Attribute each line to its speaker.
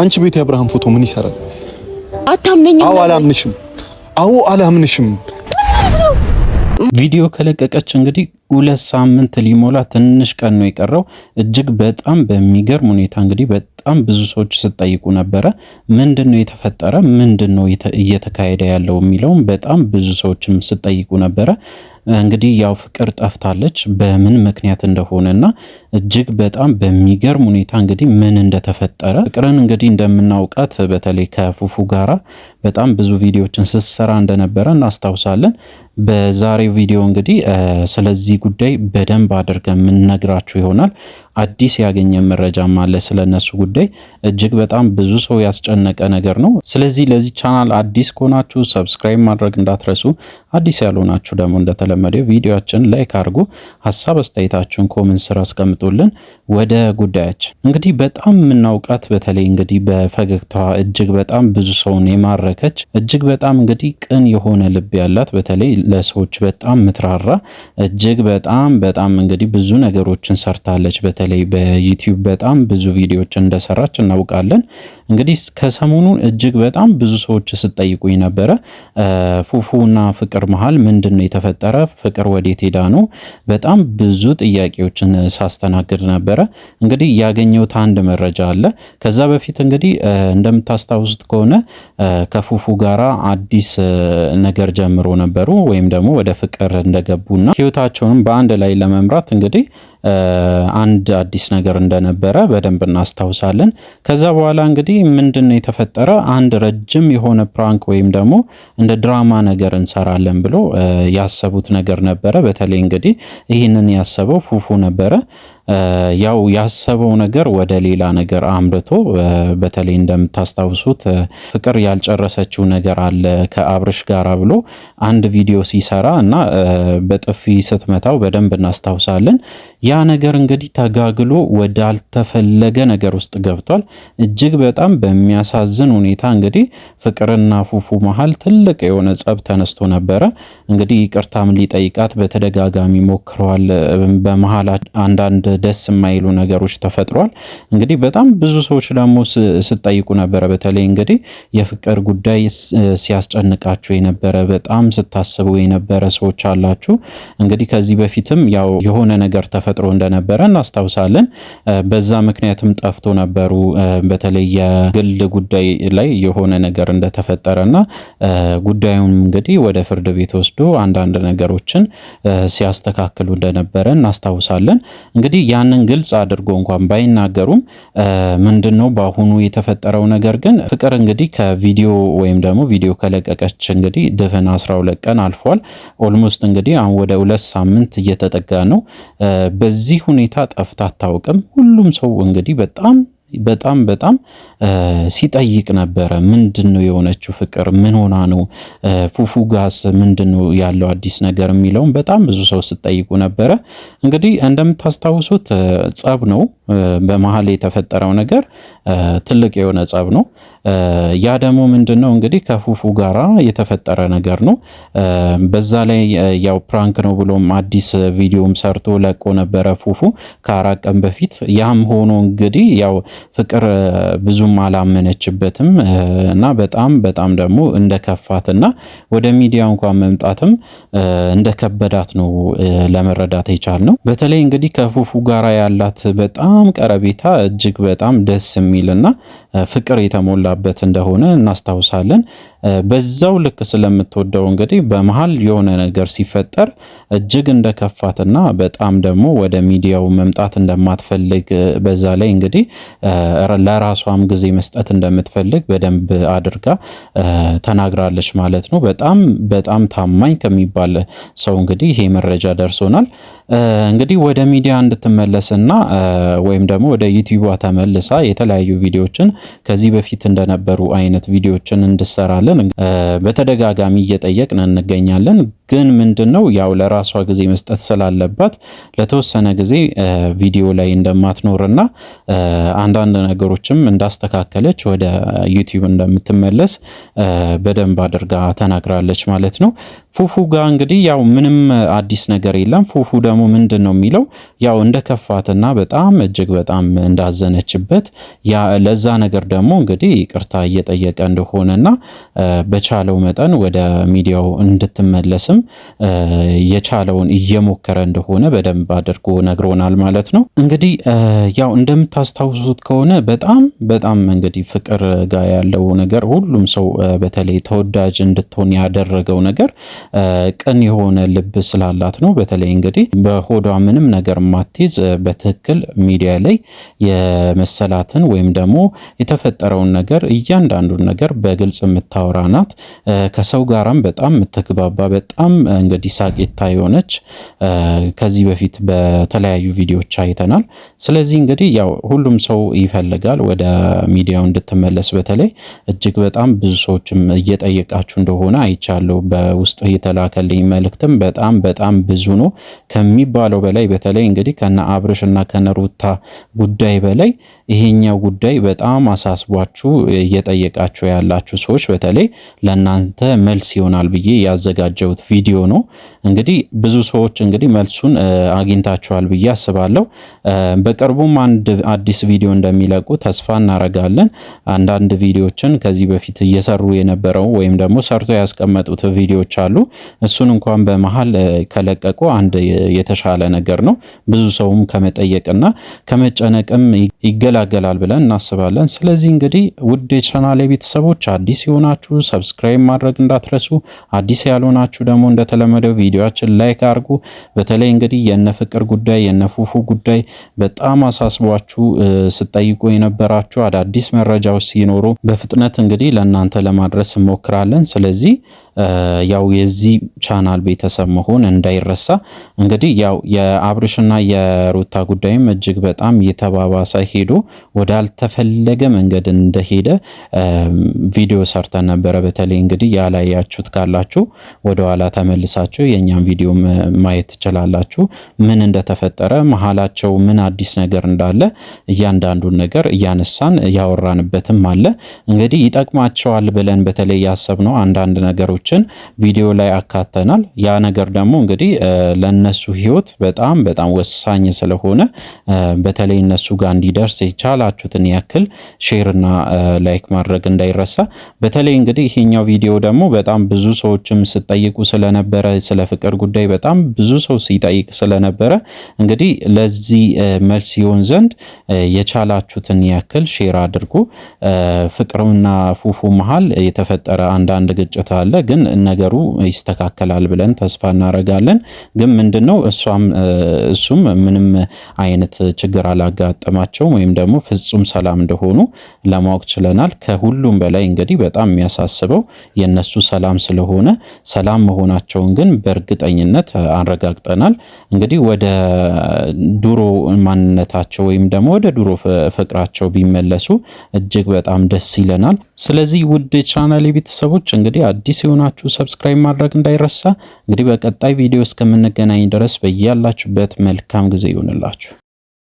Speaker 1: አንቺ ቤት የአብርሃም ፎቶ ምን ይሰራል? አታምነኝም? አዎ አላምንሽም። አዎ አላምንሽም። ቪዲዮ ከለቀቀች እንግዲህ ሁለት ሳምንት ሊሞላ ትንሽ ቀን ነው የቀረው። እጅግ በጣም በሚገርም ሁኔታ እንግዲህ በጣም ብዙ ሰዎች ስጠይቁ ነበረ። ምንድን ነው የተፈጠረ? ምንድን ነው እየተካሄደ ያለው የሚለውም በጣም ብዙ ሰዎችም ስጠይቁ ነበረ። እንግዲህ ያው ፍቅር ጠፍታለች በምን ምክንያት እንደሆነ እና እጅግ በጣም በሚገርም ሁኔታ እንግዲህ ምን እንደተፈጠረ ፍቅርን እንግዲህ እንደምናውቃት በተለይ ከፉፉ ጋራ በጣም ብዙ ቪዲዮዎችን ስትሰራ እንደነበረ እናስታውሳለን። በዛሬው ቪዲዮ እንግዲህ ስለዚህ ጉዳይ በደንብ አድርገን የምንነግራችሁ ይሆናል። አዲስ ያገኘ መረጃም አለ ስለነሱ ጉዳይ። እጅግ በጣም ብዙ ሰው ያስጨነቀ ነገር ነው። ስለዚህ ለዚህ ቻናል አዲስ ከሆናችሁ ሰብስክራይብ ማድረግ እንዳትረሱ። አዲስ ያልሆናችሁ ደግሞ እንደተለመደው ቪዲዮችን ላይክ አድርጉ፣ ሀሳብ አስተያየታችሁን ኮሜንት ስር አስቀምጡልን። ወደ ጉዳያችን እንግዲህ በጣም የምናውቃት በተለይ እንግዲህ በፈገግታዋ እጅግ በጣም ብዙ ሰውን የማረከች እጅግ በጣም እንግዲህ ቅን የሆነ ልብ ያላት በተለይ ለሰዎች በጣም ምትራራ እጅግ በጣም በጣም እንግዲህ ብዙ ነገሮችን ሰርታለች በተለይ በተለይ በዩቲዩብ በጣም ብዙ ቪዲዮዎች እንደሰራች እናውቃለን። እንግዲህ ከሰሞኑን እጅግ በጣም ብዙ ሰዎች ስጠይቁኝ ነበረ ፉፉና ፍቅር መሀል ምንድን ነው የተፈጠረ? ፍቅር ወዴት ሄዳ ነው? በጣም ብዙ ጥያቄዎችን ሳስተናግድ ነበረ። እንግዲህ ያገኘሁት አንድ መረጃ አለ። ከዛ በፊት እንግዲህ እንደምታስታውሱት ከሆነ ከፉፉ ጋራ አዲስ ነገር ጀምሮ ነበሩ ወይም ደግሞ ወደ ፍቅር እንደገቡና ህይወታቸውንም በአንድ ላይ ለመምራት እንግዲህ አንድ አዲስ ነገር እንደነበረ በደንብ እናስታውሳለን። ከዛ በኋላ እንግዲህ ምንድን ነው የተፈጠረ? አንድ ረጅም የሆነ ፕራንክ ወይም ደግሞ እንደ ድራማ ነገር እንሰራለን ብሎ ያሰቡት ነገር ነበረ። በተለይ እንግዲህ ይህንን ያሰበው ፉፉ ነበረ። ያው ያሰበው ነገር ወደ ሌላ ነገር አምርቶ በተለይ እንደምታስታውሱት ፍቅር ያልጨረሰችው ነገር አለ ከአብርሽ ጋር ብሎ አንድ ቪዲዮ ሲሰራ እና በጥፊ ስትመታው በደንብ እናስታውሳለን። ያ ነገር እንግዲህ ተጋግሎ ወዳልተፈለገ ነገር ውስጥ ገብቷል። እጅግ በጣም በሚያሳዝን ሁኔታ እንግዲህ ፍቅርና ፉፉ መሀል ትልቅ የሆነ ጸብ ተነስቶ ነበረ። እንግዲህ ይቅርታም ሊጠይቃት በተደጋጋሚ ሞክረዋል። በመሀል አንዳንድ ደስ የማይሉ ነገሮች ተፈጥሯል። እንግዲህ በጣም ብዙ ሰዎች ደግሞ ስጠይቁ ነበረ። በተለይ እንግዲህ የፍቅር ጉዳይ ሲያስጨንቃችሁ የነበረ በጣም ስታስቡ የነበረ ሰዎች አላችሁ። እንግዲህ ከዚህ በፊትም ያው የሆነ ነገር ተፈጥሮ እንደነበረ እናስታውሳለን። በዛ ምክንያትም ጠፍቶ ነበሩ። በተለይ የግል ጉዳይ ላይ የሆነ ነገር እንደተፈጠረ እና ጉዳዩም እንግዲህ ወደ ፍርድ ቤት ወስዶ አንዳንድ ነገሮችን ሲያስተካክሉ እንደነበረ እናስታውሳለን። እንግዲህ ያንን ግልጽ አድርጎ እንኳን ባይናገሩም ምንድን ነው በአሁኑ የተፈጠረው ነገር ግን ፍቅር እንግዲህ ከቪዲዮ ወይም ደግሞ ቪዲዮ ከለቀቀች እንግዲህ ድፍን 12 ቀን አልፏል። ኦልሞስት እንግዲህ አሁን ወደ ሁለት ሳምንት እየተጠጋ ነው። በዚህ ሁኔታ ጠፍታ አታውቅም። ሁሉም ሰው እንግዲህ በጣም በጣም በጣም ሲጠይቅ ነበረ። ምንድን ነው የሆነችው ፍቅር? ምን ሆና ነው? ፉፉ ጋስ ምንድን ነው ያለው አዲስ ነገር የሚለውም በጣም ብዙ ሰው ስጠይቁ ነበረ። እንግዲህ እንደምታስታውሱት ጸብ ነው በመሀል የተፈጠረው ነገር ትልቅ የሆነ ጸብ ነው። ያ ደግሞ ምንድን ነው እንግዲህ ከፉፉ ጋራ የተፈጠረ ነገር ነው። በዛ ላይ ያው ፕራንክ ነው ብሎም አዲስ ቪዲዮም ሰርቶ ለቆ ነበረ ፉፉ ከአራት ቀን በፊት። ያም ሆኖ እንግዲህ ያው ፍቅር ብዙም አላመነችበትም እና በጣም በጣም ደግሞ እንደከፋትና ወደ ሚዲያ እንኳን መምጣትም እንደከበዳት ነው ለመረዳት የቻል ነው። በተለይ እንግዲህ ከፉፉ ጋራ ያላት በጣም በጣም ቀረቤታ እጅግ በጣም ደስ የሚልና ፍቅር የተሞላበት እንደሆነ እናስታውሳለን። በዛው ልክ ስለምትወደው እንግዲህ በመሀል የሆነ ነገር ሲፈጠር እጅግ እንደከፋትና በጣም ደግሞ ወደ ሚዲያው መምጣት እንደማትፈልግ በዛ ላይ እንግዲህ ለራሷም ጊዜ መስጠት እንደምትፈልግ በደንብ አድርጋ ተናግራለች ማለት ነው። በጣም በጣም ታማኝ ከሚባል ሰው እንግዲህ ይሄ መረጃ ደርሶናል። እንግዲህ ወደ ሚዲያ እንድትመለስና ወይም ደግሞ ወደ ዩቲዩቧ ተመልሳ የተለያዩ ቪዲዮዎችን ከዚህ በፊት እንደነበሩ አይነት ቪዲዮዎችን እንድሰራለን እንገኛለን። በተደጋጋሚ እየጠየቅን እንገኛለን። ግን ምንድን ነው ያው ለራሷ ጊዜ መስጠት ስላለባት ለተወሰነ ጊዜ ቪዲዮ ላይ እንደማትኖርና አንዳንድ ነገሮችም እንዳስተካከለች ወደ ዩቲዩብ እንደምትመለስ በደንብ አድርጋ ተናግራለች ማለት ነው። ፉፉ ጋር እንግዲህ ያው ምንም አዲስ ነገር የለም። ፉፉ ደግሞ ምንድን ነው የሚለው ያው እንደከፋትና በጣም እጅግ በጣም እንዳዘነችበት ለዛ ነገር ደግሞ እንግዲህ ይቅርታ እየጠየቀ እንደሆነና በቻለው መጠን ወደ ሚዲያው እንድትመለስም የቻለውን እየሞከረ እንደሆነ በደንብ አድርጎ ነግሮናል ማለት ነው። እንግዲህ ያው እንደምታስታውሱት ከሆነ በጣም በጣም እንግዲህ ፍቅር ጋር ያለው ነገር ሁሉም ሰው በተለይ ተወዳጅ እንድትሆን ያደረገው ነገር ቅን የሆነ ልብ ስላላት ነው። በተለይ እንግዲህ በሆዷ ምንም ነገር ማትይዝ በትክክል ሚዲያ ላይ የመሰላትን ወይም ደግሞ የተፈጠረውን ነገር እያንዳንዱን ነገር በግልጽ የምታ የምታወራ ናት። ከሰው ጋራም በጣም የምትግባባ በጣም እንግዲህ ሳቄታ የሆነች ከዚህ በፊት በተለያዩ ቪዲዮዎች አይተናል። ስለዚህ እንግዲህ ያው ሁሉም ሰው ይፈልጋል ወደ ሚዲያው እንድትመለስ። በተለይ እጅግ በጣም ብዙ ሰዎችም እየጠየቃችሁ እንደሆነ አይቻለሁ። በውስጥ የተላከልኝ መልእክትም በጣም በጣም ብዙ ነው ከሚባለው በላይ በተለይ እንግዲህ ከነ አብርሽ እና ከነ ሩታ ጉዳይ በላይ ይሄኛው ጉዳይ በጣም አሳስቧችሁ እየጠየቃችሁ ያላችሁ ሰዎች በተለይ ለእናንተ መልስ ይሆናል ብዬ ያዘጋጀሁት ቪዲዮ ነው። እንግዲህ ብዙ ሰዎች እንግዲህ መልሱን አግኝታችኋል ብዬ አስባለሁ። በቅርቡም አንድ አዲስ ቪዲዮ እንደሚለቁ ተስፋ እናረጋለን። አንዳንድ ቪዲዮችን ከዚህ በፊት እየሰሩ የነበረው ወይም ደግሞ ሰርቶ ያስቀመጡት ቪዲዮዎች አሉ። እሱን እንኳን በመሀል ከለቀቁ አንድ የተሻለ ነገር ነው። ብዙ ሰውም ከመጠየቅና ከመጨነቅም ይገላል ይገላገላል ብለን እናስባለን። ስለዚህ እንግዲህ ውድ የቻናሌ ቤተሰቦች አዲስ የሆናችሁ ሰብስክራይብ ማድረግ እንዳትረሱ፣ አዲስ ያልሆናችሁ ደግሞ እንደተለመደው ቪዲዮችን ላይክ አድርጉ። በተለይ እንግዲህ የነ ፍቅር ጉዳይ የነ ፉፉ ጉዳይ በጣም አሳስቧችሁ ስጠይቁ የነበራችሁ አዳዲስ መረጃዎች ሲኖሩ በፍጥነት እንግዲህ ለእናንተ ለማድረስ እንሞክራለን። ስለዚህ ያው የዚህ ቻናል ቤተሰብ መሆን እንዳይረሳ። እንግዲህ ያው የአብርሽና የሩታ ጉዳይም እጅግ በጣም የተባባሰ ሄዶ ወዳልተፈለገ መንገድ እንደሄደ ቪዲዮ ሰርተን ነበረ። በተለይ እንግዲህ ያላያችሁት ካላችሁ ወደኋላ ተመልሳችሁ የእኛም ቪዲዮ ማየት ትችላላችሁ። ምን እንደተፈጠረ መሀላቸው ምን አዲስ ነገር እንዳለ እያንዳንዱን ነገር እያነሳን ያወራንበትም አለ። እንግዲህ ይጠቅማቸዋል ብለን በተለይ ያሰብነው አንዳንድ ነገሮች ነገሮችን ቪዲዮ ላይ አካተናል። ያ ነገር ደግሞ እንግዲህ ለእነሱ ህይወት በጣም በጣም ወሳኝ ስለሆነ በተለይ እነሱ ጋር እንዲደርስ የቻላችሁትን ያክል ሼርና ላይክ ማድረግ እንዳይረሳ። በተለይ እንግዲህ ይሄኛው ቪዲዮ ደግሞ በጣም ብዙ ሰዎችም ስጠይቁ ስለነበረ ስለ ፍቅር ጉዳይ በጣም ብዙ ሰው ሲጠይቅ ስለነበረ እንግዲህ ለዚህ መልስ ይሆን ዘንድ የቻላችሁትን ያክል ሼር አድርጉ። ፍቅርና ፉፉ መሀል የተፈጠረ አንዳንድ ግጭት አለ ግን ግን ነገሩ ይስተካከላል ብለን ተስፋ እናደርጋለን። ግን ምንድነው እሷም እሱም ምንም አይነት ችግር አላጋጠማቸውም ወይም ደግሞ ፍጹም ሰላም እንደሆኑ ለማወቅ ችለናል። ከሁሉም በላይ እንግዲህ በጣም የሚያሳስበው የነሱ ሰላም ስለሆነ ሰላም መሆናቸውን ግን በእርግጠኝነት አረጋግጠናል። እንግዲህ ወደ ድሮ ማንነታቸው ወይም ደግሞ ወደ ድሮ ፍቅራቸው ቢመለሱ እጅግ በጣም ደስ ይለናል። ስለዚህ ውድ ቻናል ቤተሰቦች እንግዲህ አዲስ የሆኑ ሆናችሁ ሰብስክራይብ ማድረግ እንዳይረሳ። እንግዲህ በቀጣይ ቪዲዮ እስከምንገናኝ ድረስ በያላችሁበት መልካም ጊዜ ይሆንላችሁ።